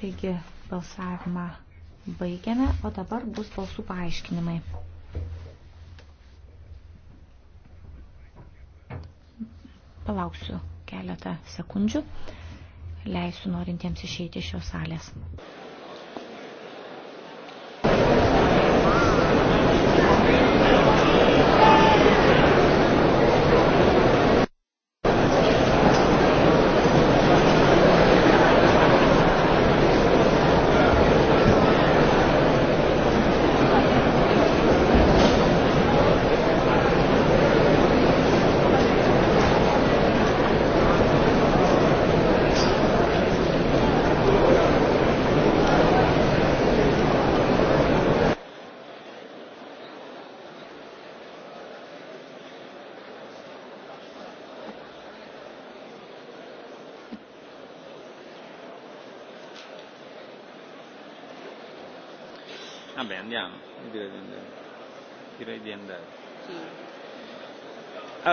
Taigi balsavimą baigiame, o dabar bus balsų paaiškinimai. Palauksiu keletą sekundžių, leisiu norintiems išeiti iš šios salės.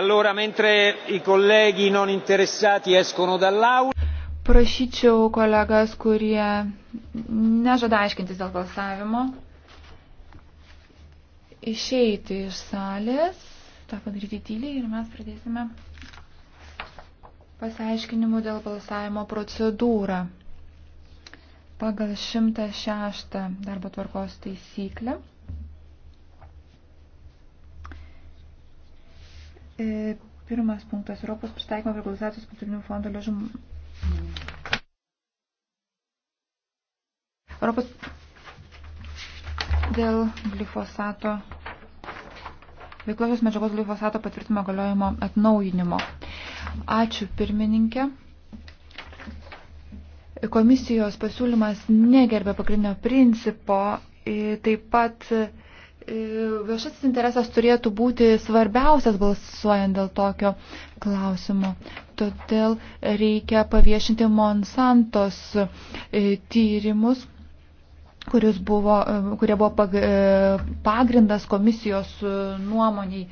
Allora, mentre i colleghi non interessati escono dall'aula. Prašyčiau kolegas, kurie nežada aiškintis dėl balsavimo, išeiti iš salės, tą padaryti tyliai ir mes pradėsime pasiaiškinimu dėl balsavimo procedūrą. Pagal 106 darbo tvarkos taisyklę E, pirmas punktas Europos pristaikymo prie globalizacijos kultūrinių fondo lėšų. Europos dėl glifosato veiklosios medžiagos glifosato patvirtimo galiojimo atnaujinimo. Ačiū pirmininkė. Komisijos pasiūlymas negerbė pagrindinio principo, taip pat viešasis interesas turėtų būti svarbiausias balsuojant dėl tokio klausimo. Todėl reikia paviešinti Monsantos e, tyrimus, buvo, e, kurie buvo pag, e, pagrindas komisijos nuomoniai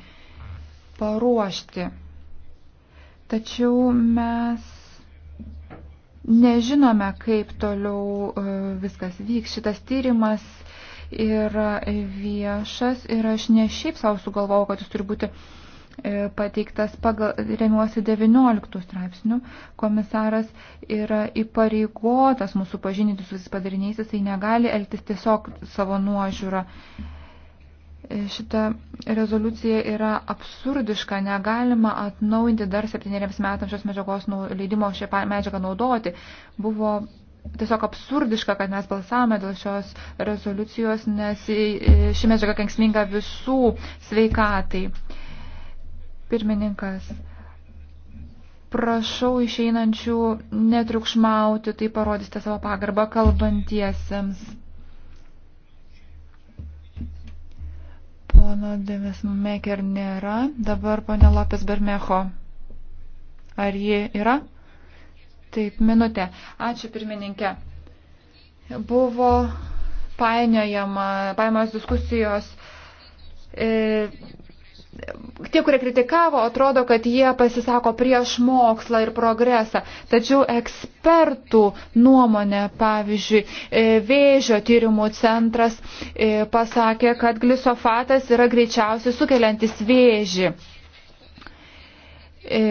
paruošti. Tačiau mes nežinome, kaip toliau viskas vyks. Šitas tyrimas yra viešas ir aš ne šiaip savo sugalvojau, kad jis turi būti e, pateiktas pagal, remiuosi 19 straipsnių, komisaras yra įpareigotas mūsų pažinyti su visais padariniais, jisai negali elgtis tiesiog savo nuožiūrą e, šita rezoliucija yra absurdiška, negalima atnaujinti dar septyneriems metams šios medžiagos nu, leidimo šią medžiagą naudoti. Buvo tiesiog absurdiška, kad mes balsavome dėl šios rezoliucijos, nes ši medžiaga kenksminga visų sveikatai. Pirmininkas, prašau išeinančių netriukšmauti, tai parodysite savo pagarbą kalbantiesiems. Pono Demis Meker nėra, dabar ponė Lopės Bermecho. Ar ji yra? Taip, minutė. Ačiū pirmininkė. Buvo painiojama, paimamos diskusijos. E, tie, kurie kritikavo, atrodo, kad jie pasisako prieš mokslą ir progresą. Tačiau ekspertų nuomonė, pavyzdžiui, e, vėžio tyrimų centras e, pasakė, kad glisofatas yra greičiausiai sukeliantis vėžį e,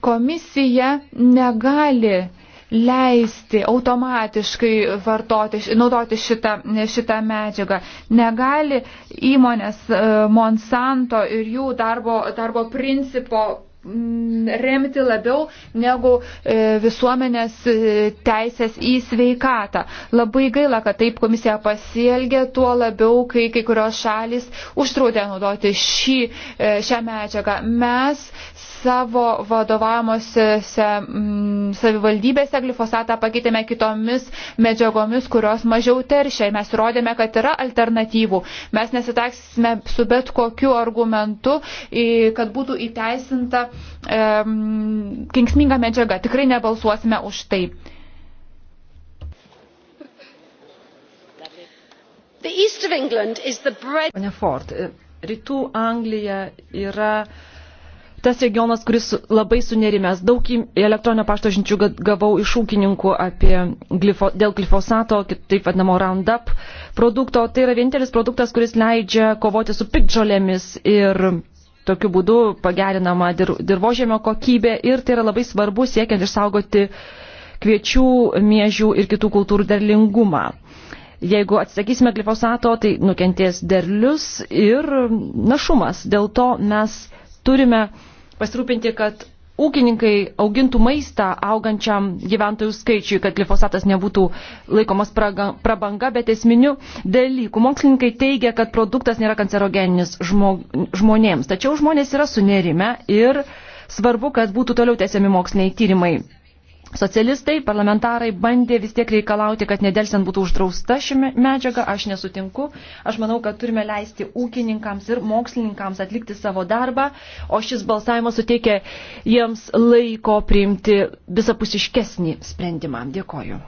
komisija negali leisti automatiškai vartoti, naudoti šitą, šitą medžiagą. Negali įmonės e, Monsanto ir jų darbo, darbo principo Mm, remti labiau negu e, visuomenės e, teisės į sveikatą. Labai gaila, kad taip komisija pasielgė, tuo labiau, kai kai kurios šalis uždraudė naudoti šį, e, šią medžiagą. Mes savo vadovavimuose mm, savivaldybėse glifosatą pakeitėme kitomis medžiagomis, kurios mažiau teršia. Mes rodėme, kad yra alternatyvų. Mes nesitaksime su bet kokiu argumentu, kad būtų įteisinta e, kenksminga medžiaga. Tikrai nebalsuosime už tai. Pane Ford, e, rytų Anglija yra tas regionas, kuris labai sunerimęs. Daug elektroninio pašto žinčių gavau iš ūkininkų apie glifo, dėl glifosato, taip vadinamo Roundup produkto. Tai yra vienintelis produktas, kuris leidžia kovoti su pikdžolėmis ir tokiu būdu pagerinama dir, dirbožėmio kokybė ir tai yra labai svarbu siekiant išsaugoti kviečių, miežių ir kitų kultūrų derlingumą. Jeigu atsisakysime glifosato, tai nukentės derlius ir našumas. Dėl to mes turime pasirūpinti, kad ūkininkai augintų maistą augančiam gyventojų skaičiui, kad glifosatas nebūtų laikomas prabanga, bet esminių dalykų. Mokslininkai teigia, kad produktas nėra kancerogeninis žmonėms, tačiau žmonės yra sunerime ir svarbu, kad būtų toliau tęsiami moksliniai tyrimai Socialistai, parlamentarai bandė vis tiek reikalauti, kad nedelsiant būtų uždrausta ši medžiaga, aš nesutinku. Aš manau, kad turime leisti ūkininkams ir mokslininkams atlikti savo darbą, o šis balsavimas suteikia jiems laiko priimti visapusiškesnį sprendimą. Dėkoju.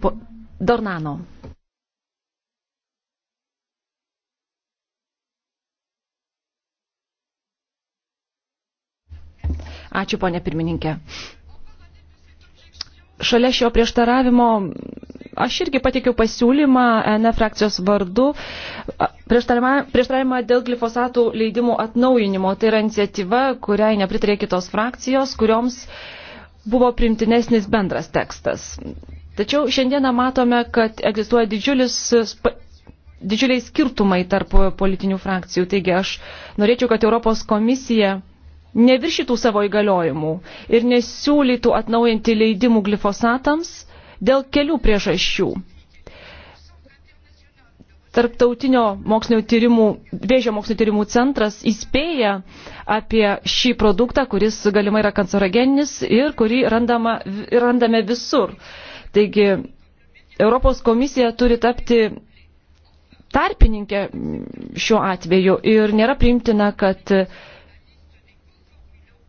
Po, Dornano. Ačiū, ponė pirmininkė. Šalia šio prieštaravimo aš irgi pateikiau pasiūlymą NF frakcijos vardu prieštaravimą dėl glifosatų leidimų atnaujinimo. Tai yra iniciatyva, kuriai nepritarė kitos frakcijos, kurioms buvo primtinesnis bendras tekstas. Tačiau šiandieną matome, kad egzistuoja didžiulis didžiuliai skirtumai tarp politinių frakcijų. Taigi aš norėčiau, kad Europos komisija neviršytų savo įgaliojimų ir nesiūlytų atnaujinti leidimų glifosatams dėl kelių priežasčių. Tarptautinio mokslinio tyrimų, vėžio mokslinio tyrimų centras įspėja apie šį produktą, kuris galimai yra kancerogeninis ir kurį randama, randame visur. Taigi Europos komisija turi tapti tarpininkė šiuo atveju ir nėra priimtina, kad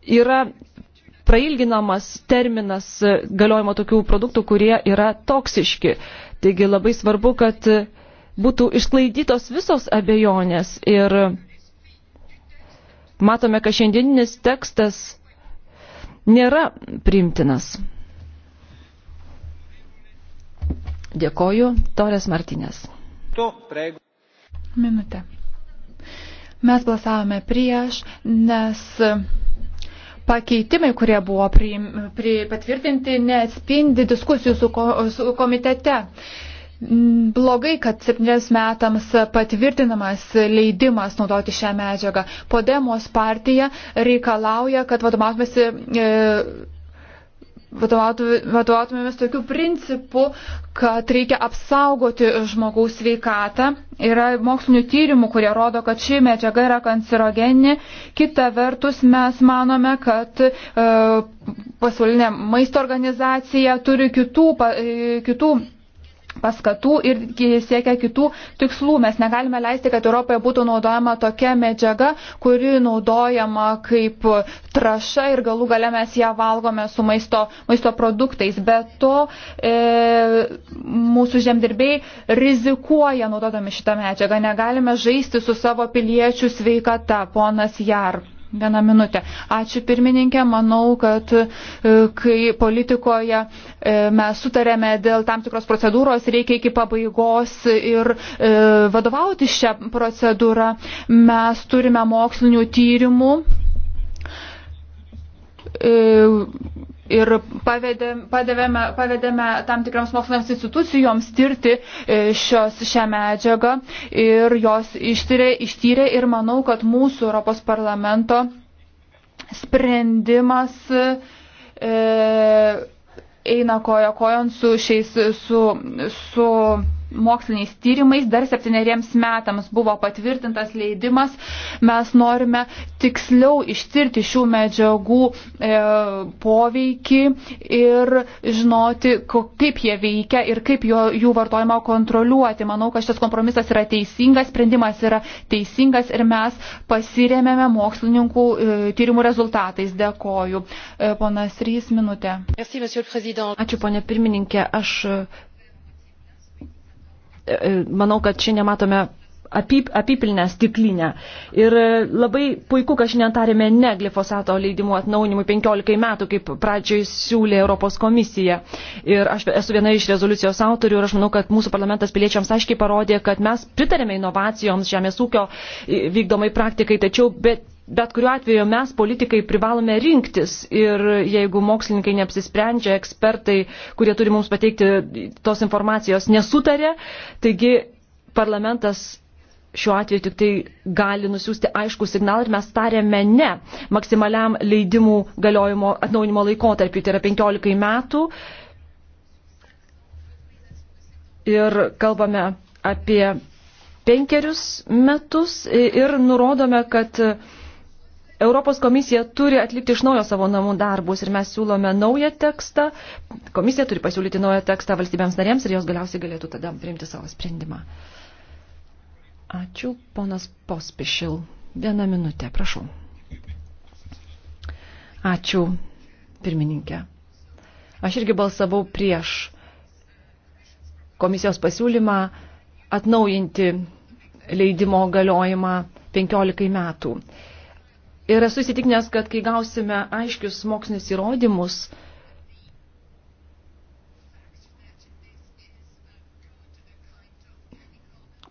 yra prailginamas terminas galiojimo tokių produktų, kurie yra toksiški. Taigi labai svarbu, kad būtų išsklaidytos visos abejonės ir matome, kad šiandieninis tekstas nėra priimtinas. Dėkoju, Torės Martinės. Minutė. Mes balsavome prieš, nes pakeitimai, kurie buvo priim, pri, patvirtinti, neatspindi diskusijų su, ko, su komitete. Blogai, kad septynės metams patvirtinamas leidimas naudoti šią medžiagą. Podemos partija reikalauja, kad vadovautumėsi. E, vadovautumėmės tokiu principu, kad reikia apsaugoti žmogaus sveikatą. Yra mokslinių tyrimų, kurie rodo, kad ši medžiaga yra kancerogeni. Kita vertus, mes manome, kad e, pasaulinė maisto organizacija turi kitų, e, kitų paskatų ir siekia kitų tikslų. Mes negalime leisti, kad Europoje būtų naudojama tokia medžiaga, kuri naudojama kaip traša ir galų gale mes ją valgome su maisto, maisto produktais. Be to e, mūsų žemdirbiai rizikuoja naudodami šitą medžiagą. Negalime žaisti su savo piliečių sveikata, ponas Jar. Vieną minutę. Ačiū pirmininkė. Manau, kad e, kai politikoje e, mes sutarėme dėl tam tikros procedūros, reikia iki pabaigos ir e, vadovauti šią procedūrą. Mes turime mokslinių tyrimų ir pavedėm, padavėme, pavedėme tam tikriams mokslinėms institucijoms tirti e, šios, šią medžiagą ir jos ištyrė, ištyrė ir manau, kad mūsų Europos parlamento sprendimas e, eina koja kojon su šiais, su, su moksliniais tyrimais. Dar septyneriems metams buvo patvirtintas leidimas. Mes norime tiksliau ištirti šių medžiagų e, poveikį ir žinoti, kaip jie veikia ir kaip jo, jų vartojimą kontroliuoti. Manau, kad šitas kompromisas yra teisingas, sprendimas yra teisingas ir mes pasiremėme mokslininkų e, tyrimų rezultatais. Dėkoju. E, ponas Rys, minutė. Merci, Ačiū, ponė pirmininkė. Aš E, e, manau, kad šiandien matome apip, apipilnę stiklinę. Ir e, labai puiku, kad šiandien tarėme ne glifosato leidimų atnaunimui 15 metų, kaip pradžioj siūlė Europos komisija. Ir aš esu viena iš rezoliucijos autorių ir aš manau, kad mūsų parlamentas piliečiams aiškiai parodė, kad mes pritarėme inovacijoms, žemės ūkio vykdomai praktikai, tačiau bet bet kuriuo atveju mes, politikai, privalome rinktis ir jeigu mokslininkai neapsisprendžia, ekspertai, kurie turi mums pateikti tos informacijos, nesutarė, taigi parlamentas šiuo atveju tik tai gali nusiųsti aišku signalą ir mes tarėme ne maksimaliam leidimų galiojimo atnaunimo laikotarpiu, tai yra 15 metų. Ir kalbame apie penkerius metus ir nurodome, kad Europos komisija turi atlikti iš naujo savo namų darbus ir mes siūlome naują tekstą. Komisija turi pasiūlyti naują tekstą valstybėms narėms ir jos galiausiai galėtų tada priimti savo sprendimą. Ačiū, ponas Pospišil. Vieną minutę, prašau. Ačiū, pirmininkė. Aš irgi balsavau prieš komisijos pasiūlymą atnaujinti leidimo galiojimą 15 metų. Ir esu įsitikinęs, kad kai gausime aiškius mokslinius įrodymus,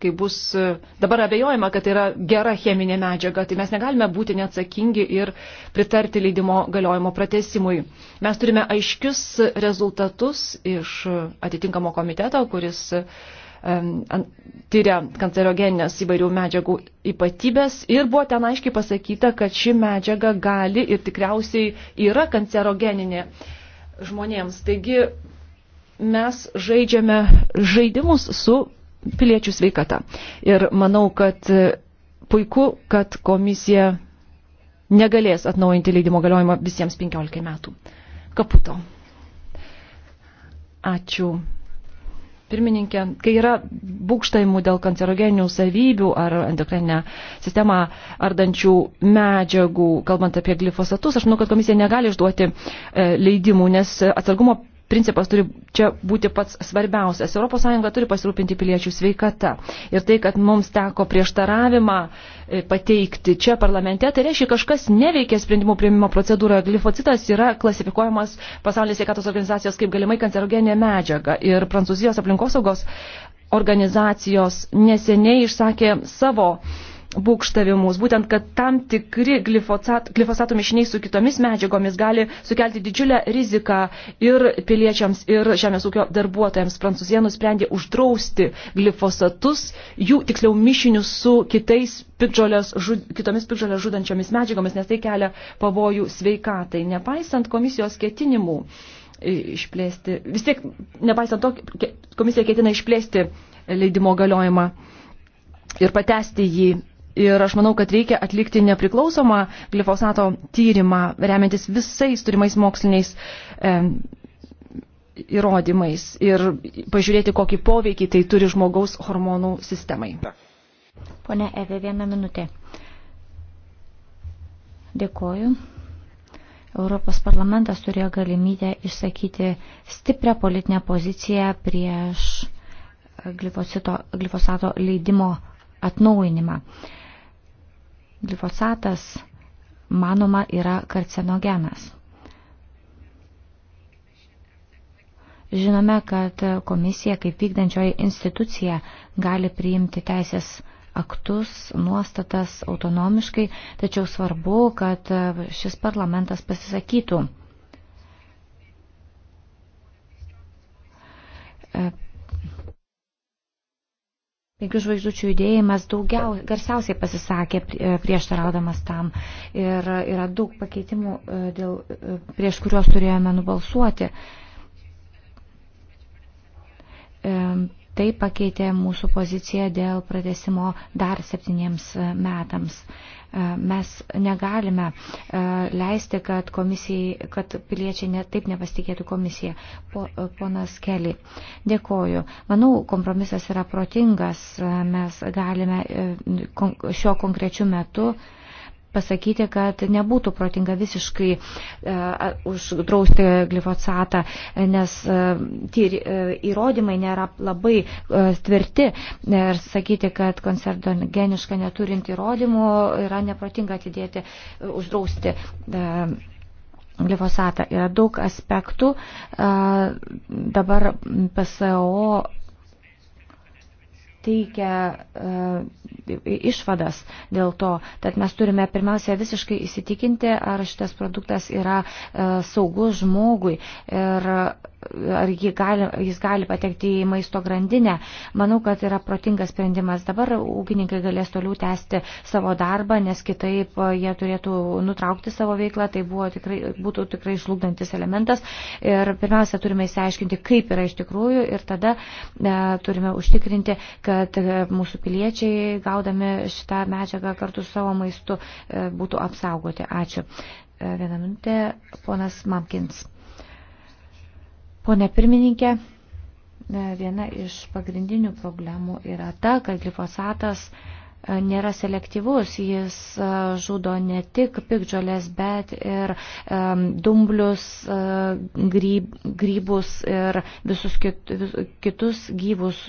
kai bus e, dabar abejojama, kad tai yra gera cheminė medžiaga, tai mes negalime būti neatsakingi ir pritarti leidimo galiojimo pratesimui. Mes turime aiškius rezultatus iš atitinkamo komiteto, kuris uh, tyria kancerogeninės įvairių medžiagų ypatybės ir buvo ten aiškiai pasakyta, kad ši medžiaga gali ir tikriausiai yra kancerogeninė žmonėms. Taigi mes žaidžiame žaidimus su piliečių sveikata. Ir manau, kad e, puiku, kad komisija negalės atnaujinti leidimo galiojimą visiems 15 metų. Kaputo. Ačiū pirmininkė, kai yra būkštaimų dėl kancerogeninių savybių ar endokrininę sistemą ardančių medžiagų, kalbant apie glifosatus, aš manau, kad komisija negali išduoti e, leidimų, nes atsargumo principas turi čia būti pats svarbiausias. ES turi pasirūpinti piliečių sveikata. Ir tai, kad mums teko prieštaravimą e, pateikti čia parlamente, tai reiškia, kažkas neveikia sprendimų prieimimo procedūroje. Glifocitas yra klasifikuojamas pasaulyje sveikatos organizacijos kaip galimai kancerogenė medžiaga. Ir Prancūzijos aplinkosaugos organizacijos neseniai išsakė savo uh, būkštavimus, būtent, kad tam tikri glifosat, glifosato mišiniai su kitomis medžiagomis gali sukelti didžiulę riziką ir piliečiams, ir žemės ūkio darbuotojams. Prancūzija nusprendė uždrausti glifosatus, jų tiksliau mišinius su kitais pidžolės, žud, kitomis pidžolės žudančiomis medžiagomis, nes tai kelia pavojų sveikatai. Nepaisant komisijos ketinimų išplėsti, vis tiek, nepaisant to, komisija ketina išplėsti leidimo galiojimą ir patesti jį Ir aš manau, kad reikia atlikti nepriklausomą glifosato tyrimą, remiantis visais turimais moksliniais e, įrodymais ir pažiūrėti, kokį poveikį tai turi žmogaus hormonų sistemai. Pone Eve, vieną minutę. Dėkoju. Europos parlamentas turėjo galimybę išsakyti stiprią politinę poziciją prieš glifosito, glifosato leidimo atnaujinimą. Glifosatas, manoma, yra karcinogenas. Žinome, kad komisija kaip vykdančioji institucija gali priimti teisės aktus, nuostatas autonomiškai, tačiau svarbu, kad šis parlamentas pasisakytų Penkių žvaigždučių judėjimas daugiau, garsiausiai pasisakė e, prieštaraudamas tam ir yra daug pakeitimų, e, dėl, e, prieš kuriuos turėjome nubalsuoti. Tai pakeitė mūsų poziciją dėl pratesimo dar septyniems e, metams. E, mes negalime e, leisti, kad, komisijai, kad piliečiai ne, taip nepasitikėtų komisiją. Po, ponas Keli, dėkoju. Manau, kompromisas yra protingas. Mes galime šiuo konkrečiu metu pasakyti, kad nebūtų protinga visiškai uh, uždrausti glifosatą, nes uh, tyri, uh, įrodymai nėra labai uh, tvirti ir sakyti, kad konservogeniška neturint įrodymų yra neprotinga atidėti, uh, uždrausti. Uh, Glifosatą. Yra daug aspektų. Dabar PSO teikia e, išvadas dėl to. Tad mes turime pirmiausia visiškai įsitikinti, ar šitas produktas yra e, saugus žmogui ir ar gali, jis gali patekti į maisto grandinę. Manau, kad yra protingas sprendimas. Dabar ūkininkai galės toliau tęsti savo darbą, nes kitaip e, jie turėtų nutraukti savo veiklą. Tai tikrai, būtų tikrai žlugdantis elementas. Ir pirmiausia, turime įsiaiškinti, kaip yra iš tikrųjų ir tada e, turime užtikrinti, kad e, mūsų piliečiai, gaudami šitą medžiagą kartu su savo maistu, e, būtų apsaugoti. Ačiū. E, vieną minutę, ponas Mamkins. Pone pirmininkė, viena iš pagrindinių problemų yra ta, kad glifosatas e, nėra selektyvus, jis e, žudo ne tik pikdžiolės, bet ir e, dumblius, gryb, grybus ir visus kitus gyvus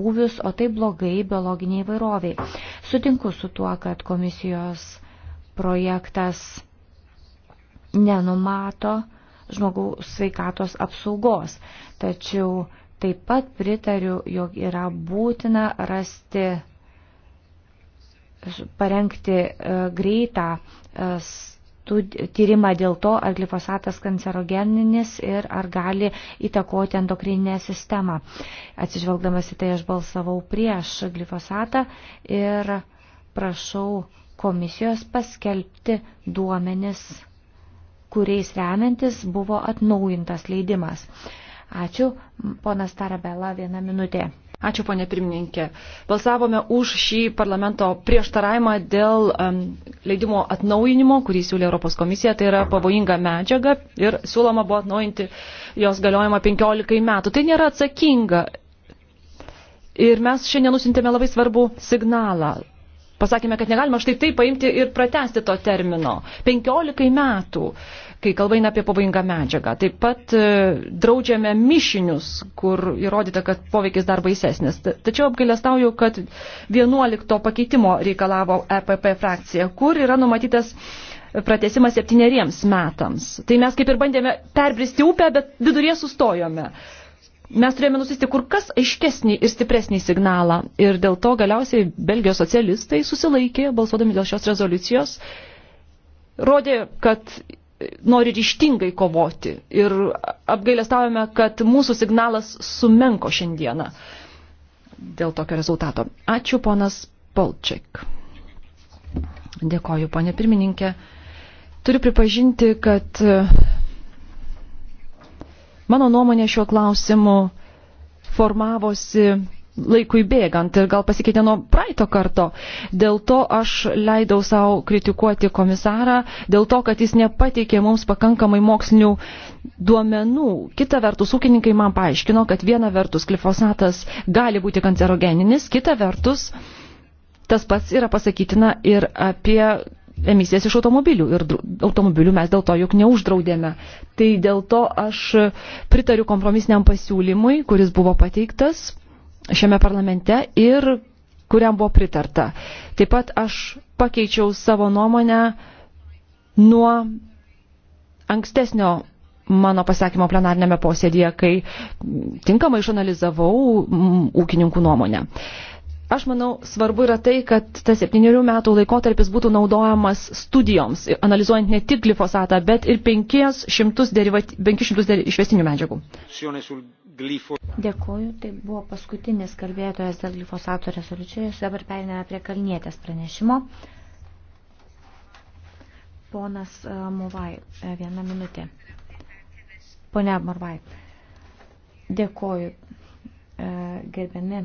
būvius, o tai blogai biologiniai vairoviai. Sutinku su tuo, kad komisijos projektas nenumato, žmogaus sveikatos apsaugos. Tačiau taip pat pritariu, jog yra būtina rasti, parengti e, greitą e, tyrimą dėl to, ar glifosatas kancerogeninis ir ar gali įtakoti endokrininę sistemą. Atsižvelgdamas į tai aš balsavau prieš glifosatą ir prašau komisijos paskelbti duomenis kuriais remiantis buvo atnaujintas leidimas. Ačiū, ponas Tarabela, vieną minutę. Ačiū, ponė pirmininkė. Balsavome už šį parlamento prieštaravimą dėl um, leidimo atnaujinimo, kurį siūlė Europos komisija. Tai yra pavojinga medžiaga ir siūloma buvo atnaujinti jos galiojimą 15 metų. Tai nėra atsakinga. Ir mes šiandien nusintėme labai svarbų signalą pasakėme, kad negalima štai taip paimti ir pratesti to termino. 15 metų, kai kalba eina apie pavojingą medžiagą. Taip pat e, draudžiame mišinius, kur įrodyta, kad poveikis dar baisesnis. Tačiau apgailestauju, kad 11 pakeitimo reikalavo EPP frakcija, kur yra numatytas pratesimas septyneriems metams. Tai mes kaip ir bandėme perbristi upę, bet vidurie sustojome. Uh, mes turėjome nusisti kur kas aiškesnį ir stipresnį signalą. Ir dėl to galiausiai Belgijos socialistai susilaikė, balsuodami dėl šios rezoliucijos, rodė, kad nori ryštingai kovoti. Ir apgailestavome, kad mūsų signalas sumenko šiandieną dėl tokio rezultato. Ačiū, ponas Polčiak. Dėkoju, ponė pirmininkė. Turiu pripažinti, kad Mano nuomonė šiuo klausimu formavosi laikui bėgant ir gal pasikeitė nuo praeito karto. Dėl to aš leidau savo kritikuoti komisarą, dėl to, kad jis nepateikė mums pakankamai mokslinių duomenų. Kita vertus, ūkininkai man paaiškino, kad viena vertus glifosatas gali būti kancerogeninis, kita vertus tas pats yra pasakytina ir apie emisijas iš automobilių ir automobilių mes dėl to juk neuždraudėme. Tai dėl to aš pritariu kompromisiniam pasiūlymui, kuris buvo pateiktas šiame parlamente ir kuriam buvo pritarta. Taip pat aš pakeičiau savo nuomonę nuo ankstesnio mano pasakymo plenarnėme posėdėje, kai tinkamai išanalizavau ūkininkų nuomonę. Aš manau, svarbu yra tai, kad tas septyniarių metų laikotarpis būtų naudojamas studijoms, analizuojant ne tik glifosatą, bet ir 500, derivat, 500 išvestinių medžiagų. Dėkuoju, tai buvo paskutinis kalbėtojas dėl glifosato rezoliucijos, dabar perinėme prie kalnietės pranešimo. Ponas e, Movai, e, vieną minutę. Pone Morvai, dėkuoju, e, gerbiami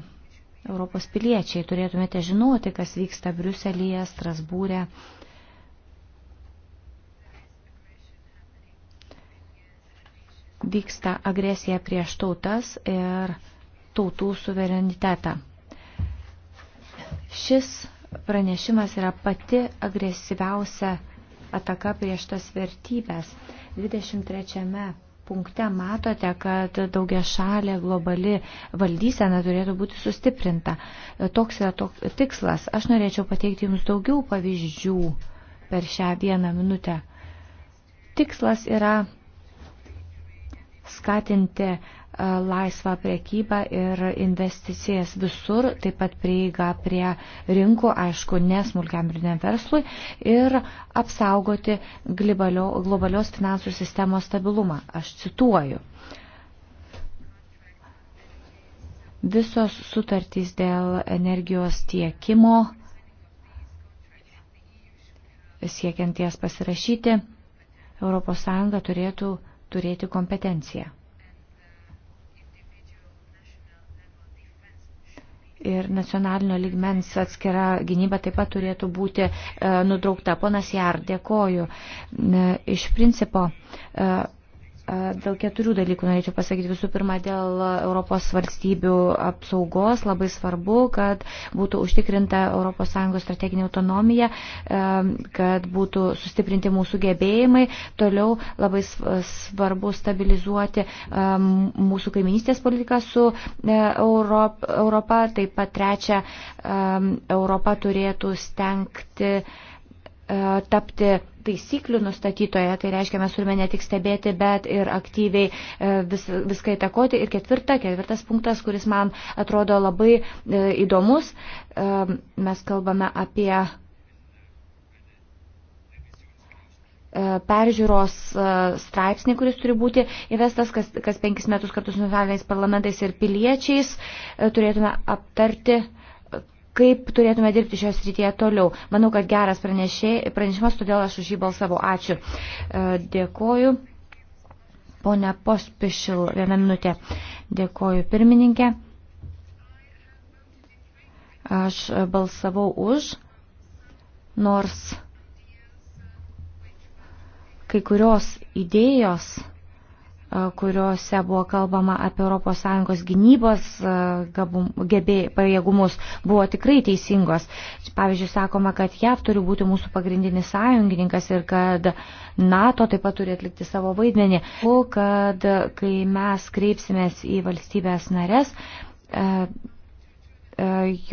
Europos piliečiai. Turėtumėte žinoti, kas vyksta Briuselėje, Strasbūrė. Vyksta agresija prieš tautas ir tautų suverenitetą. Šis pranešimas yra pati agresyviausia ataka prieš tas vertybės. 23 punkte matote, kad daugia šalė globali valdysena turėtų būti sustiprinta. Toks yra toks tikslas. Aš norėčiau pateikti Jums daugiau pavyzdžių per šią vieną minutę. Tikslas yra skatinti e, laisvą priekybą ir investicijas visur, taip pat prieiga prie rinkų, aišku, nesmulkiam ir neverslui, ir apsaugoti globalios finansų sistemos stabilumą. Aš cituoju. Visos sutartys dėl energijos tiekimo siekianties pasirašyti, ES turėtų turėti kompetenciją. ir nacionalinio lygmens atskira gynyba taip pat turėtų būti e, nudraukta. Ponas Jar, dėkoju. E, iš principo e, Dėl keturių dalykų norėčiau pasakyti. Visų pirma, dėl Europos valstybių apsaugos labai svarbu, kad būtų užtikrinta ES strateginė autonomija, kad būtų sustiprinti mūsų gebėjimai. Toliau labai svarbu stabilizuoti mūsų kaiminystės politiką su e, Europa. Taip pat trečia, Europa turėtų stengti E, tapti taisyklių nustatytoje, tai reiškia, mes turime ne tik stebėti, bet ir aktyviai e, vis, viską įtakoti. Ir ketvirta, ketvirtas punktas, kuris man atrodo labai e, įdomus, mes kalbame apie peržiūros straipsnį, kuris turi būti įvestas kas, kas penkis metus kartu su nacionaliniais parlamentais ir piliečiais. Turėtume aptarti uh, kaip turėtume dirbti šios rytyje toliau. Manau, kad geras pranešė, pranešimas, todėl aš už jį balsavau. Ačiū. E, dėkoju. Pone Pospišil, vieną minutę. Dėkoju pirmininkė. Aš balsavau už, nors kai kurios idėjos kuriuose buvo kalbama apie ES gynybos pajėgumus, buvo tikrai teisingos. Pavyzdžiui, sakoma, kad JAV turi būti mūsų pagrindinis sąjungininkas ir kad NATO taip pat turi atlikti savo vaidmenį. Kad kai mes kreipsimės į valstybės narės,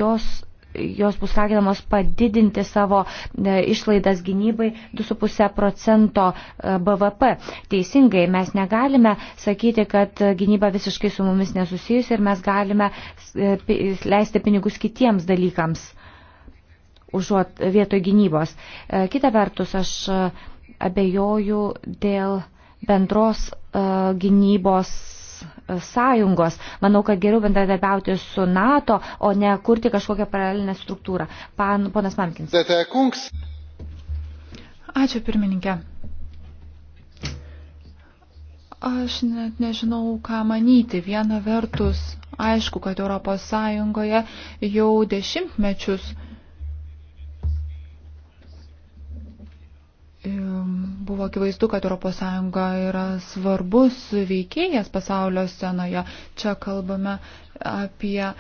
jos jos bus raginamos padidinti savo e, išlaidas gynybai 2,5 procento e, BVP. Teisingai, mes negalime sakyti, kad gynyba visiškai su mumis nesusijusi ir mes galime e, leisti pinigus kitiems dalykams užuot vietoj gynybos. Kita vertus, aš abejoju dėl bendros gynybos E, sąjungos. Manau, kad geriau bendradarbiauti su NATO, o ne kurti kažkokią paralelinę struktūrą. Pan, ponas Mamkins. Ačiū pirmininkė. Aš net nežinau, ką manyti. Viena vertus, aišku, kad Europos Sąjungoje jau dešimtmečius buvo akivaizdu, kad ES yra svarbus veikėjas pasaulio scenoje. Čia kalbame apie e,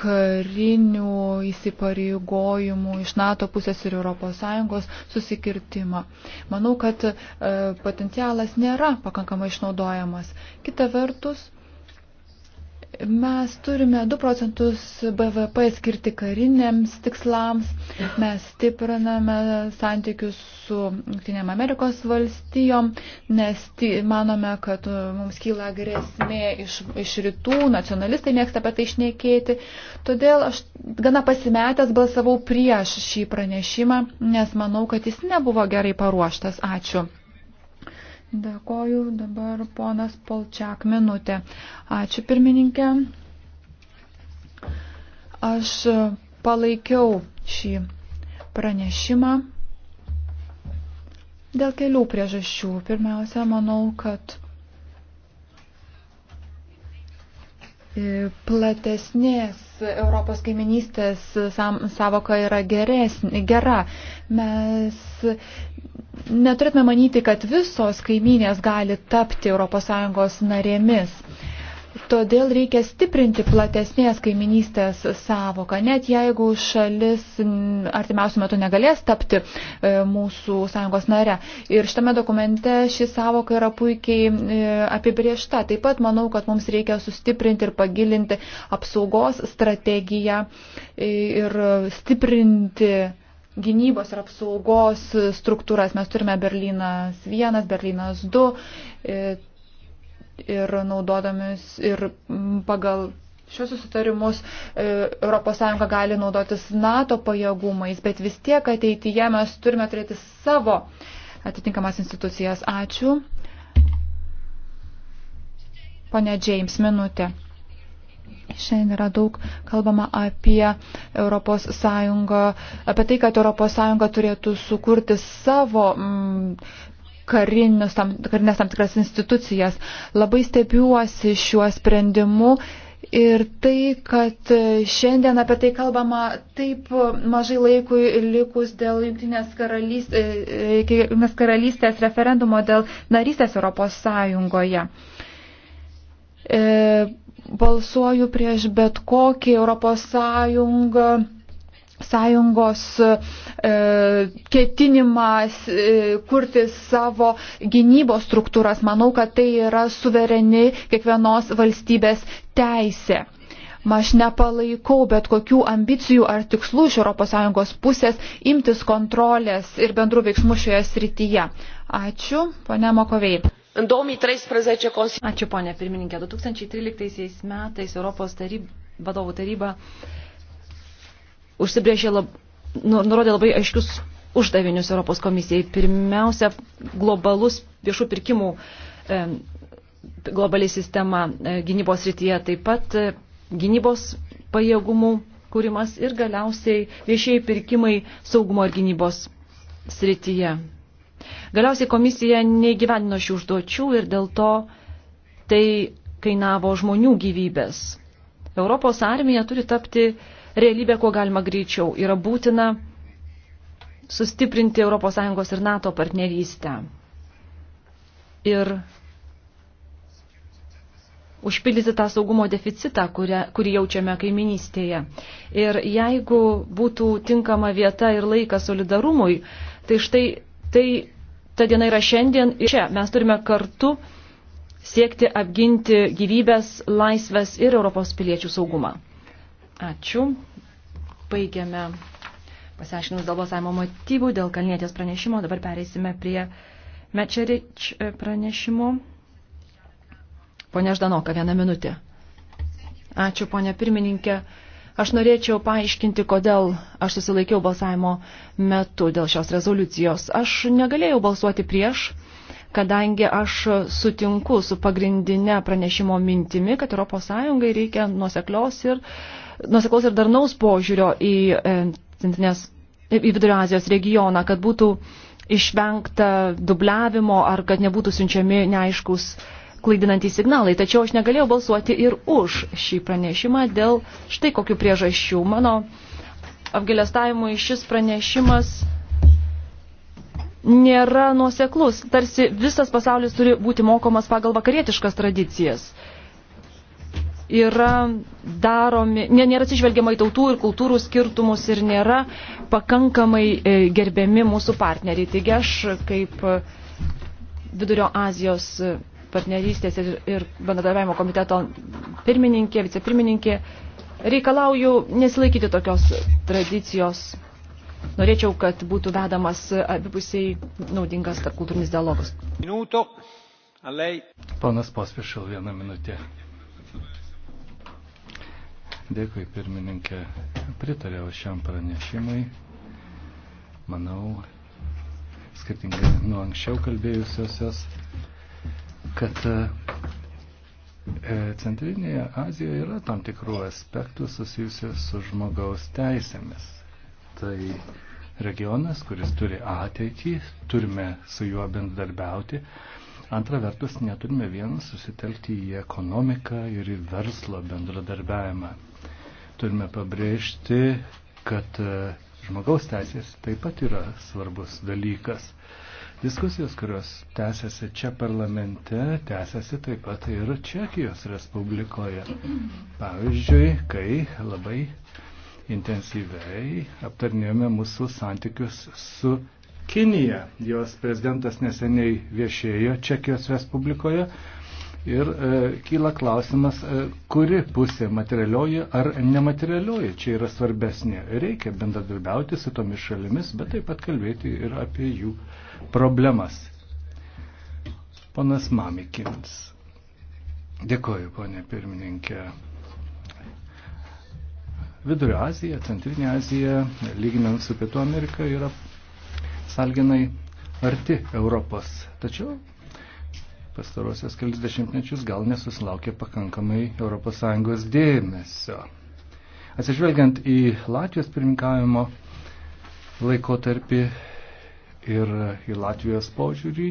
karinių įsipareigojimų iš NATO pusės ir ES susikirtimą. Manau, kad e, potencialas nėra pakankamai išnaudojamas. Kita vertus, Mes turime 2 procentus BVP skirti kariniams tikslams, mes stipriname santykius su Junktinėm Amerikos valstijom, nes manome, kad e, mums kyla grėsmė iš, iš rytų, nacionalistai mėgsta apie tai išnekėti. Todėl aš gana pasimetęs balsavau prieš šį pranešimą, nes manau, kad jis nebuvo gerai paruoštas. Ačiū. Dėkoju dabar ponas Polčiak minutė. Ačiū pirmininkė. Aš palaikiau šį pranešimą dėl kelių priežasčių. Pirmiausia, manau, kad E, platesnės Europos kaiminystės savoka yra geresnė, gera. Mes neturėtume manyti, kad visos kaiminės gali tapti ES narėmis. Todėl reikia stiprinti platesnės kaiminystės savoką, net jeigu šalis artimiausių metų negalės tapti e, mūsų sąjungos nare. Ir šitame dokumente ši savoka yra puikiai e, apibriešta. Taip pat manau, kad mums reikia sustiprinti ir pagilinti apsaugos strategiją e, ir stiprinti gynybos ir apsaugos struktūras. Mes turime Berlynas 1, Berlynas 2 ir naudodamis ir mm, pagal šios susitarimus ES gali naudotis NATO pajėgumais, bet vis tiek ateityje mes turime turėti savo atitinkamas institucijas. Ačiū. Pane James, minutė. Šiandien yra daug kalbama apie Europos Sąjungą, apie tai, kad Europos Sąjunga turėtų sukurti savo mm, karinius, tam, karinės tam tikras institucijas. Labai stebiuosi šiuo sprendimu. Ir tai, kad šiandien apie tai kalbama taip mažai laikui likus dėl Junktinės karalystės, e, e, karalystės referendumo dėl narystės Europos Sąjungoje. E, balsuoju prieš bet kokį Europos Sąjungą sąjungos e, ketinimas e, kurti savo gynybos struktūras. Manau, kad tai yra suvereni kiekvienos valstybės teisė. Aš nepalaikau bet kokių ambicijų ar tikslų iš ES pusės imtis kontrolės ir bendrų veiksmų šioje srityje. Ačiū, ponė Mokovei. Ačiū, ponė pirmininkė. 2013 metais Europos taryb, vadovų taryba užsibrėžė, lab, nu, nurodė labai aiškius uždavinius Europos komisijai. Pirmiausia, globalus viešų pirkimų e, globali sistema e, gynybos rytyje, taip pat e, gynybos pajėgumų kūrimas ir galiausiai viešieji pirkimai saugumo ir gynybos srityje. Galiausiai komisija neįgyvendino šių užduočių ir dėl to tai kainavo žmonių gyvybės. Europos armija turi tapti realybę kuo galima greičiau. Yra būtina sustiprinti ES ir NATO partnerystę ir užpildyti tą saugumo deficitą, kurią, kurį jaučiame kaiminystėje. Ir jeigu būtų tinkama vieta ir laikas solidarumui, tai štai tai, ta diena yra šiandien ir čia mes turime kartu siekti apginti gyvybės, laisvės ir Europos piliečių saugumą. Ačiū. Baigiame pasiaiškinus dėl balsavimo motyvų, dėl kalnietės pranešimo. Dabar pereisime prie Mečerič e, pranešimo. Pone Ždanoka, vieną minutę. Ačiū, ponė pirmininkė. Aš norėčiau paaiškinti, kodėl aš susilaikiau balsavimo metu dėl šios rezoliucijos. Aš negalėjau balsuoti prieš, kadangi aš sutinku su pagrindinė pranešimo mintimi, kad ES reikia nuoseklios ir uh, nuseklaus ir darnaus požiūrio į, e, centrinės, į Vidurio Azijos regioną, kad būtų išvengta dubliavimo ar kad nebūtų siunčiami neaiškus klaidinantys signalai. Tačiau aš negalėjau balsuoti ir už šį pranešimą dėl štai kokių priežasčių. Mano apgėlėstavimui šis pranešimas nėra nuoseklus. Tarsi visas pasaulis turi būti mokomas pagal vakarietiškas tradicijas yra daromi, nė, nėra atsižvelgiama į tautų ir kultūrų skirtumus ir nėra pakankamai e, gerbiami mūsų partneriai. Taigi aš kaip e, Vidurio Azijos e, partnerystės ir, ir bendradarbiavimo komiteto pirmininkė, vicepirmininkė, reikalauju nesilaikyti tokios tradicijos. Norėčiau, kad būtų vedamas abipusiai naudingas tarpkultūrinis dialogas. Minuto, alei. Ponas Pospišil, vieną minutę. Dėkui, pirmininkė. Pritariau šiam pranešimui. Manau, skirtingai nuo anksčiau kalbėjusiosios, kad e, Centrinėje Azijoje yra tam tikrų aspektų susijusių su žmogaus teisėmis. Tai regionas, kuris turi ateitį, turime su juo bendradarbiauti. Antra vertus, neturime vien susitelkti į ekonomiką ir į verslo bendradarbiavimą. Turime pabrėžti, kad e, žmogaus teisės taip pat yra svarbus dalykas. Diskusijos, kurios tęsiasi čia parlamente, tęsiasi taip pat ir Čekijos Respublikoje. Pavyzdžiui, kai labai intensyviai aptarnėjome mūsų santykius su Kinija. Jos prezidentas neseniai viešėjo Čekijos Respublikoje Ir e, kyla klausimas, e, kuri pusė materialioji ar nematerialioji čia yra svarbesnė. Reikia bendradarbiauti su tomis šalimis, bet taip pat kalbėti ir apie jų problemas. Ponas Mamikins. Dėkoju, ponė pirmininkė. Vidurio Azija, Centrinė Azija, lyginant su Pietų Amerika, yra salginai arti Europos. Tačiau pastarosios kelis dešimtmečius gal nesusilaukė pakankamai ES dėmesio. Atsižvelgiant į Latvijos pirmininkavimo laikotarpį ir į Latvijos požiūrį,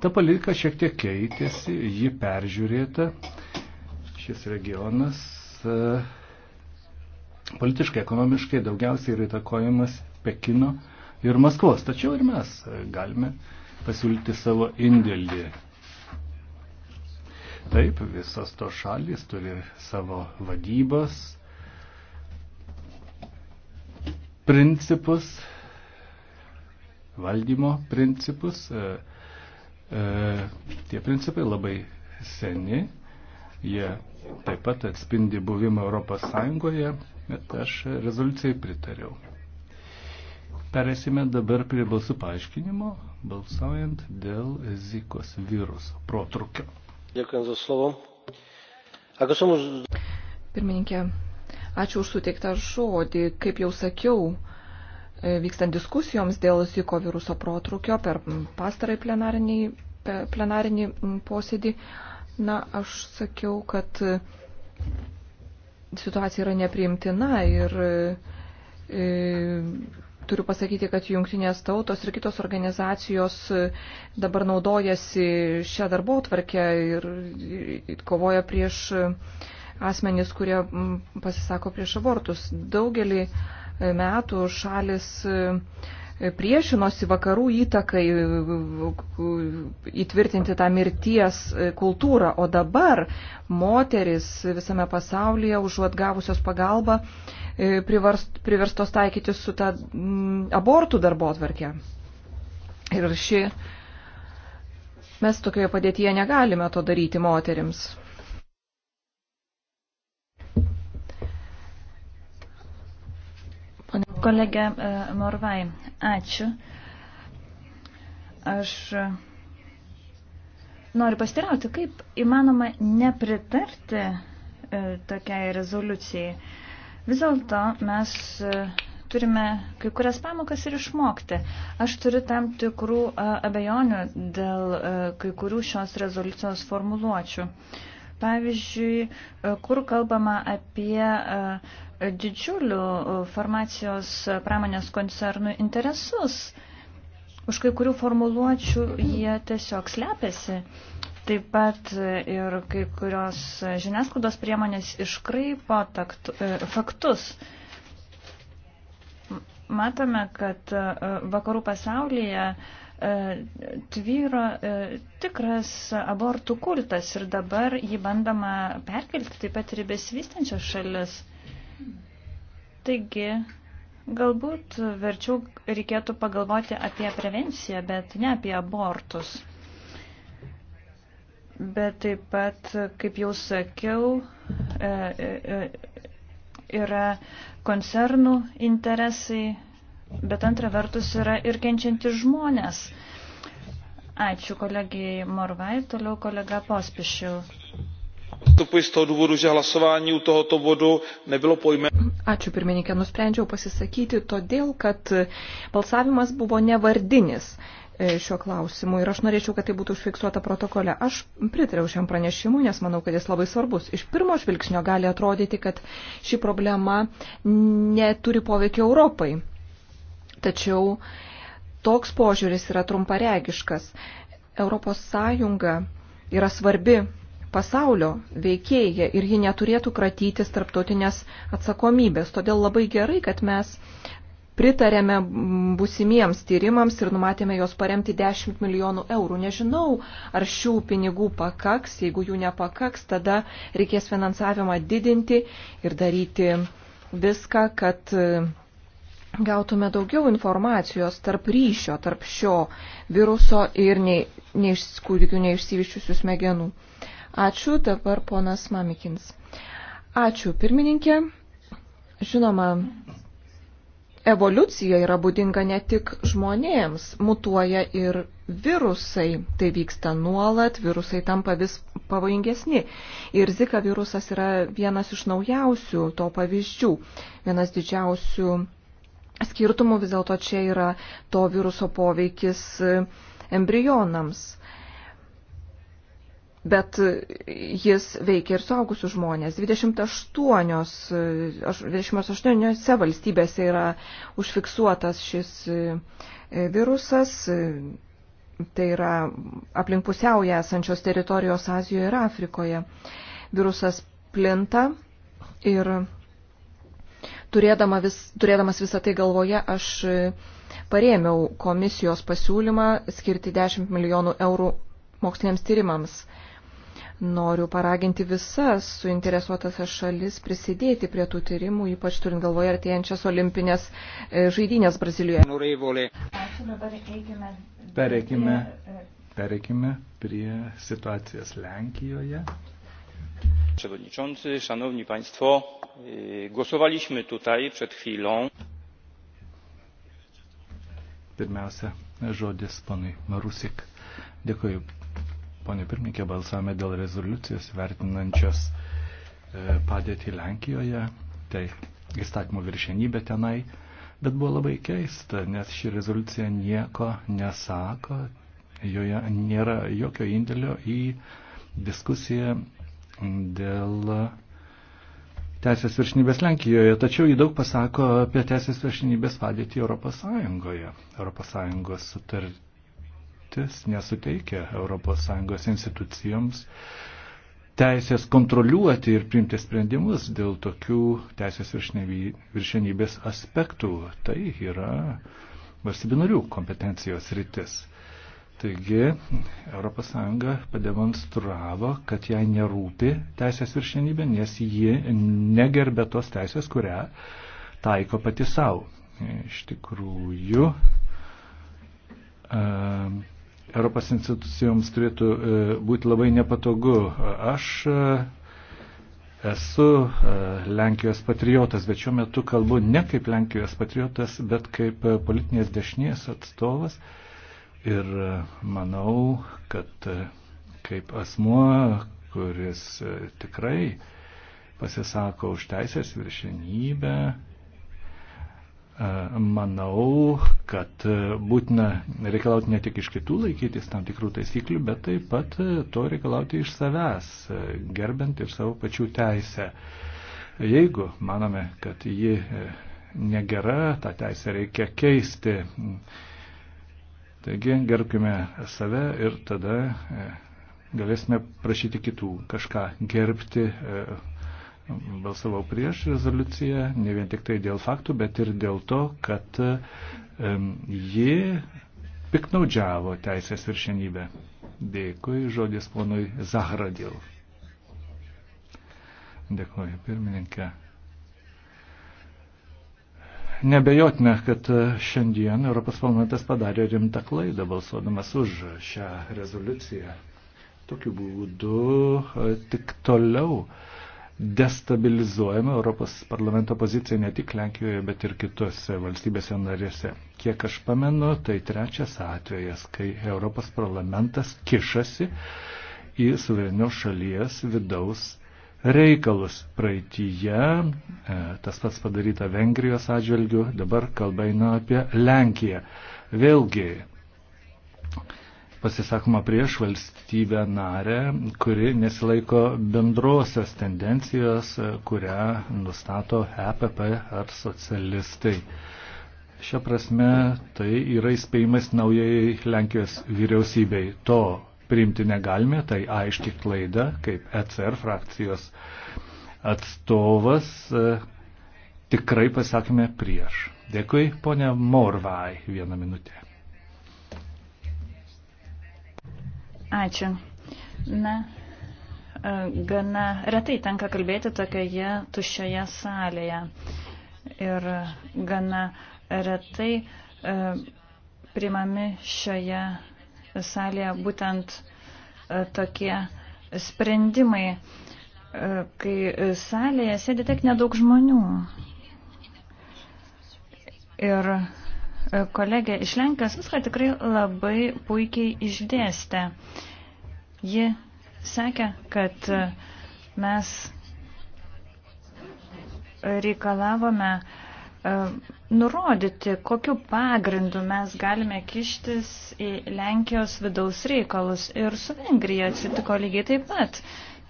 ta palika šiek tiek keitėsi, ji peržiūrėta. Šis regionas e, politiškai, ekonomiškai daugiausiai yra įtakojamas Pekino ir Maskvos. Tačiau ir mes galime pasiūlyti savo indėlį Taip, visas to šalis turi savo vadybos principus, valdymo principus. E, e, tie principai labai seni, jie taip pat atspindi buvimą Europos Sąjungoje, bet aš rezoliucijai pritariau. Perėsime dabar prie balsų paaiškinimo, balsaujant dėl Zikos viruso protrukio. Pirmininkė, ačiū už suteiktą žodį. Kaip jau sakiau, e, vykstant diskusijoms dėl Ziko viruso protrukio per pastarąjį plenarinį, plenarinį posėdį, na, aš sakiau, kad e, situacija yra nepriimtina ir e, turiu pasakyti, kad jungtinės tautos ir kitos organizacijos e, dabar naudojasi šią darbo tvarkę ir kovoja prieš e, asmenys, kurie pasisako prieš abortus. Daugelį e, metų šalis priešinosi vakarų įtakai įtvirtinti tą mirties kultūrą, o dabar moteris visame pasaulyje užuot gavusios pagalbą priverstos taikytis su tą mm, abortų darbo atvarkė. Ir ši, mes tokioje padėtyje negalime to daryti moterims. Kolegė e, Morvai, ačiū. Aš e, noriu pastirauti, kaip įmanoma nepritarti e, tokiai rezoliucijai. Vis dėlto mes turime kai kurias pamokas ir išmokti. Aš turiu tam tikrų abejonių dėl kai kurių šios rezoliucijos formuluočių. Pavyzdžiui, e, kur kalbama apie e, didžiulių e, farmacijos pramonės koncernų interesus. Už kai kurių formuluočių jie tiesiog slepiasi. Taip pat ir kai kurios žiniasklaidos priemonės iškraipo taktu, faktus. Matome, kad vakarų pasaulyje uh, E, tvyro e, tikras abortų kultas ir dabar jį bandoma perkelti taip pat ir besivystančias šalis. Taigi, galbūt verčiau reikėtų pagalvoti apie prevenciją, bet ne apie abortus. Bet taip pat, kaip jau sakiau, e, yra koncernų interesai bet antra vertus yra ir kenčianti žmonės. Ačiū kolegijai Morvai, toliau kolega Pospišiu. Ačiū pirmininkė, nusprendžiau pasisakyti todėl, kad balsavimas buvo nevardinis e, šiuo klausimu ir aš norėčiau, kad tai būtų užfiksuota protokole. Aš pritariau šiam pranešimu, nes manau, kad jis labai svarbus. Iš pirmo žvilgsnio gali atrodyti, kad ši problema neturi poveikio Europai. Tačiau toks požiūris yra trumparegiškas. Europos Sąjunga yra svarbi pasaulio veikėja ir ji neturėtų kratytis tarptautinės atsakomybės. Todėl labai gerai, kad mes pritarėme busimiems tyrimams ir numatėme jos paremti 10 milijonų eurų. Nežinau, ar šių pinigų pakaks, jeigu jų nepakaks, tada reikės finansavimą didinti ir daryti viską, kad gautume daugiau informacijos tarp ryšio, tarp šio viruso ir nei, neiš, kūdikių neišsivyščiusių smegenų. Ačiū, dabar ponas Mamikins. Ačiū, pirmininkė. Žinoma, evoliucija yra būdinga ne tik žmonėms, mutuoja ir virusai. Tai vyksta nuolat, virusai tampa vis pavojingesni. Ir Zika virusas yra vienas iš naujausių to pavyzdžių, vienas didžiausių skirtumų vis dėlto čia yra to viruso poveikis e, embrionams. Bet jis veikia ir suaugusius žmonės. 28, 28 e, valstybėse yra užfiksuotas šis e, virusas. Tai yra aplink pusiauja esančios teritorijos Azijoje ir Afrikoje. Virusas plinta ir turėdama vis, turėdamas visą tai galvoje, aš e, parėmiau komisijos pasiūlymą skirti 10 milijonų eurų moksliniams tyrimams. Noriu paraginti visas suinteresuotas šalis prisidėti prie tų tyrimų, ypač turint galvoje artėjančias olimpinės e, žaidynės Brazilijoje. Pereikime, e, pereikime prie situacijos Lenkijoje przewodniczący! szanowni państwo! głosowaliśmy tutaj przed chwilą. pirmiausia žodis ponui marusik. dėkoju pone pirmininke balsavome dėl rezoliucijos vertinančios e, padėtį lenkijoje tai įstatymų viršenybę tenai bet buvo labai keista nes ši rezoliucija nieko nesako joje nėra jokio indėlio į diskusiją dėl teisės viršinybės Lenkijoje, tačiau jį daug pasako apie teisės viršinybės padėtį Europos Sąjungoje. Europos Sąjungos sutartis nesuteikia Europos Sąjungos institucijoms teisės kontroliuoti ir priimti sprendimus dėl tokių teisės viršenybės aspektų. Tai yra valstybinarių kompetencijos rytis. Taigi ES pademonstravo, kad jai nerūpi teisės viršenybė, nes ji negerbė tos teisės, kurią taiko pati savo. Iš tikrųjų, Europos institucijoms turėtų e, būti labai nepatogu. Aš e, esu e, Lenkijos patriotas, bet šiuo metu kalbu ne kaip Lenkijos patriotas, bet kaip politinės dešinės atstovas. Ir e, manau, kad e, kaip asmuo, kuris e, tikrai pasisako už teisės viršenybę, manau, kad būtina reikalauti ne tik iš kitų laikytis tam tikrų taisyklių, bet taip pat to reikalauti iš savęs, gerbent ir savo pačių teisę. Jeigu manome, kad ji negera, tą teisę reikia keisti. Taigi gerbkime save ir tada e, galėsime prašyti kitų kažką gerbti. E, balsavau prieš rezoliuciją, ne vien tik tai dėl faktų, bet ir dėl to, kad ji piknaudžiavo teisės viršenybę. Dėkui, žodis ponui Zahradil. Dėkuoju, pirmininkė. Nebejotina, kad šiandien Europos parlamentas padarė rimtą klaidą balsuodamas už šią rezoliuciją. Tokiu būdu e, tik toliau destabilizuojama Europos parlamento pozicija ne tik Lenkijoje, bet ir kitose valstybėse narėse. Kiek aš pamenu, tai trečias atvejas, kai Europos parlamentas kišasi į suverenios šalies vidaus reikalus praeitįje, e, tas pats padaryta Vengrijos atžvilgių, dabar kalba eina apie Lenkiją. Vėlgi pasisakoma prieš valstybę narę, kuri nesilaiko bendrosios tendencijos, e, kurią nustato EPP ar socialistai. Šia prasme tai yra įspėjimas naujai Lenkijos vyriausybei. To priimti negalime, tai aiški klaida, kaip ECR frakcijos atstovas e, tikrai pasakėme prieš. Dėkui, ponia Morvai, vieną minutę. Ačiū. Na, e, gana retai tenka kalbėti tokioje tuščioje salėje. Ir gana retai e, primami šioje salėje būtent e, tokie sprendimai, e, kai salėje sėdi tiek nedaug žmonių. Ir e, kolegė iš Lenkijos viską tikrai labai puikiai išdėstė. Ji sakė, kad mes reikalavome uh, E, nurodyti, kokiu pagrindu mes galime kištis į Lenkijos vidaus reikalus. Ir su Vengrija atsitiko lygiai taip pat.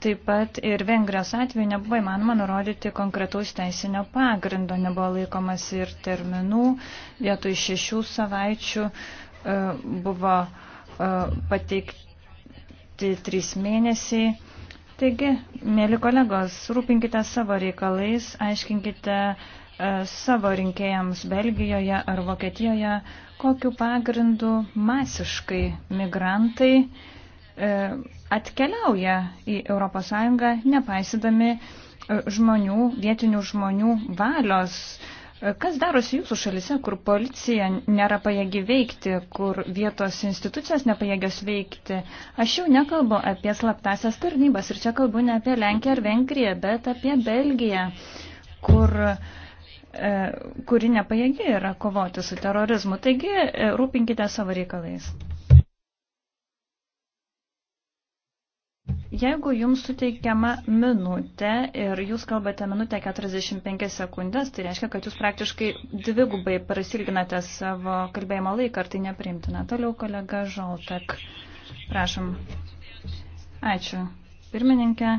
Taip pat ir Vengrijos atveju nebuvo įmanoma nurodyti konkretaus teisinio pagrindo, nebuvo laikomas ir terminų, vietoj šešių savaičių e, buvo e, pateikti trys mėnesiai. Taigi, mėly kolegos, rūpinkite savo reikalais, aiškinkite E, savo rinkėjams Belgijoje ar Vokietijoje, kokiu pagrindu masiškai migrantai e, atkeliauja į ES, nepaisydami e, žmonių, vietinių žmonių valios. Kas darosi jūsų šalise, kur policija nėra pajėgi veikti, kur vietos institucijos nepajėgios veikti? Aš jau nekalbu apie slaptasias tarnybas ir čia kalbu ne apie Lenkiją ar Vengriją, bet apie Belgiją, kur uh, E, kuri nepajėgi yra kovoti su terorizmu. Taigi e, rūpinkite savo reikalais. Jeigu jums suteikiama minutė ir jūs kalbate minutę 45 sekundės, tai reiškia, kad jūs praktiškai dvigubai prasilginate savo kalbėjimo laiką, ar tai neprimtina. Toliau kolega Žoltek. Prašom. Ačiū. Pirmininkė.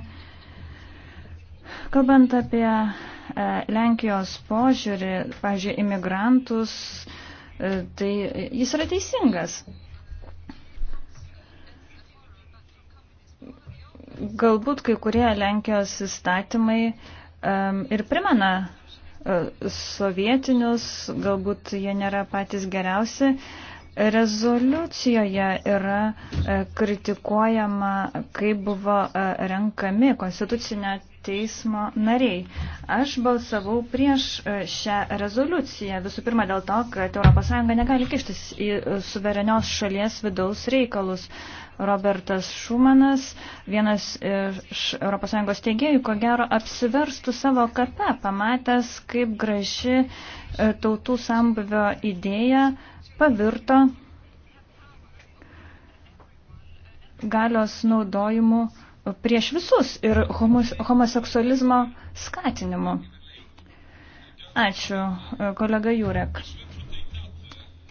Kalbant apie e, Lenkijos požiūrį, pažiūrėjau, imigrantus, e, tai jis yra teisingas. Galbūt kai kurie Lenkijos įstatymai e, ir primena sovietinius, galbūt jie nėra patys geriausi, Rezoliucijoje yra e, kritikuojama, kaip buvo e, renkami konstitucinio teismo nariai. Aš balsavau prieš e, šią rezoliuciją. Visų pirma dėl to, kad ES negali kištis į suverenios šalies vidaus reikalus. Robertas Šumanas, vienas iš ES teigėjų, ko gero apsiverstų savo kape, pamatęs, kaip graži tautų sambuvio idėja pavirto galios naudojimu prieš visus ir homoseksualizmo skatinimu. Ačiū, kolega Jurek.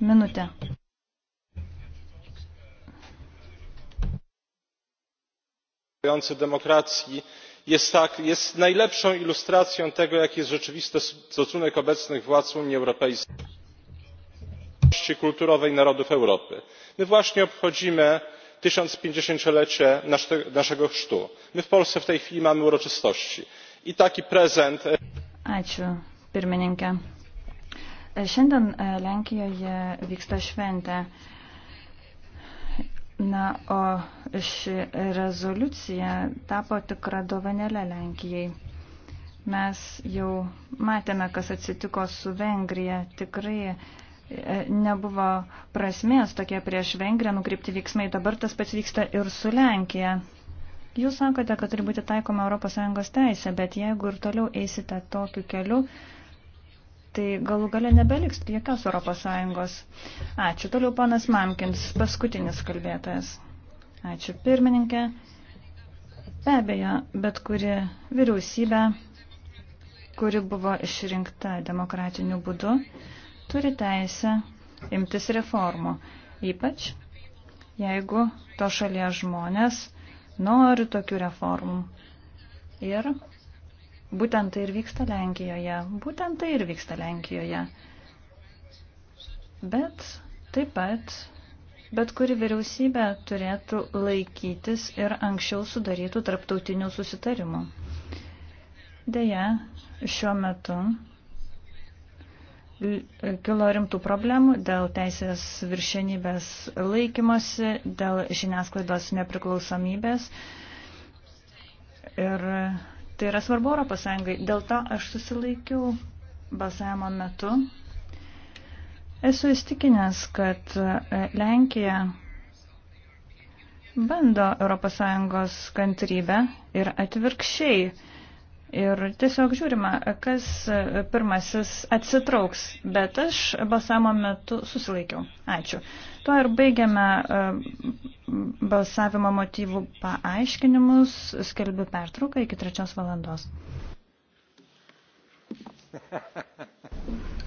Minutė. demokracji jest, tak, jest najlepszą ilustracją tego jaki jest rzeczywisty stosunek obecnych władz unii europejskiej bogatszy kulturowej narodów europy. my właśnie obchodzimy tysiąc pięćdziesięciolecie naszego chrztu my w polsce w tej chwili mamy uroczystości i taki prezent. ačiū pirmininke šiandien e, lenkijoje vyksta šventė na o ši rezoliucija tapo tikra dovanėle lenkijai mes jau matėme kas atsitiko su vengrija tikrai E, nebuvo prasmės tokie prieš Vengriją nukreipti veiksmai. Dabar tas pats vyksta ir su Lenkija. Jūs sakote, kad turi būti taikoma ES teisė, bet jeigu ir toliau eisite tokiu keliu, tai galų gale nebeliks jokios ES. Ačiū. Toliau panas Mamkins, paskutinis kalbėtojas. Ačiū pirmininkė. Be abejo, bet kuri vyriausybė, kuri buvo išrinkta demokratiniu būdu, turi teisę imtis reformų, ypač jeigu to šalies žmonės nori tokių reformų. Ir būtent tai ir vyksta Lenkijoje, būtent tai ir vyksta Lenkijoje. Bet taip pat, bet kuri vyriausybė turėtų laikytis ir anksčiau sudarytų tarptautinių susitarimų. Deja, šiuo metu kilo rimtų problemų dėl teisės viršenybės laikymosi, dėl žiniasklaidos nepriklausomybės. Ir tai yra svarbu Europos Sąjungai. Dėl to aš susilaikiau balsavimo metu. Esu įstikinęs, kad e, Lenkija bando Europos Sąjungos kantrybę ir atvirkščiai Ir tiesiog žiūrima, kas pirmasis atsitrauks, bet aš balsavimo metu susilaikiau. Ačiū. Tuo ir baigiame e, balsavimo motyvų paaiškinimus. Skelbiu pertrauką iki trečios valandos. Ha ha ha.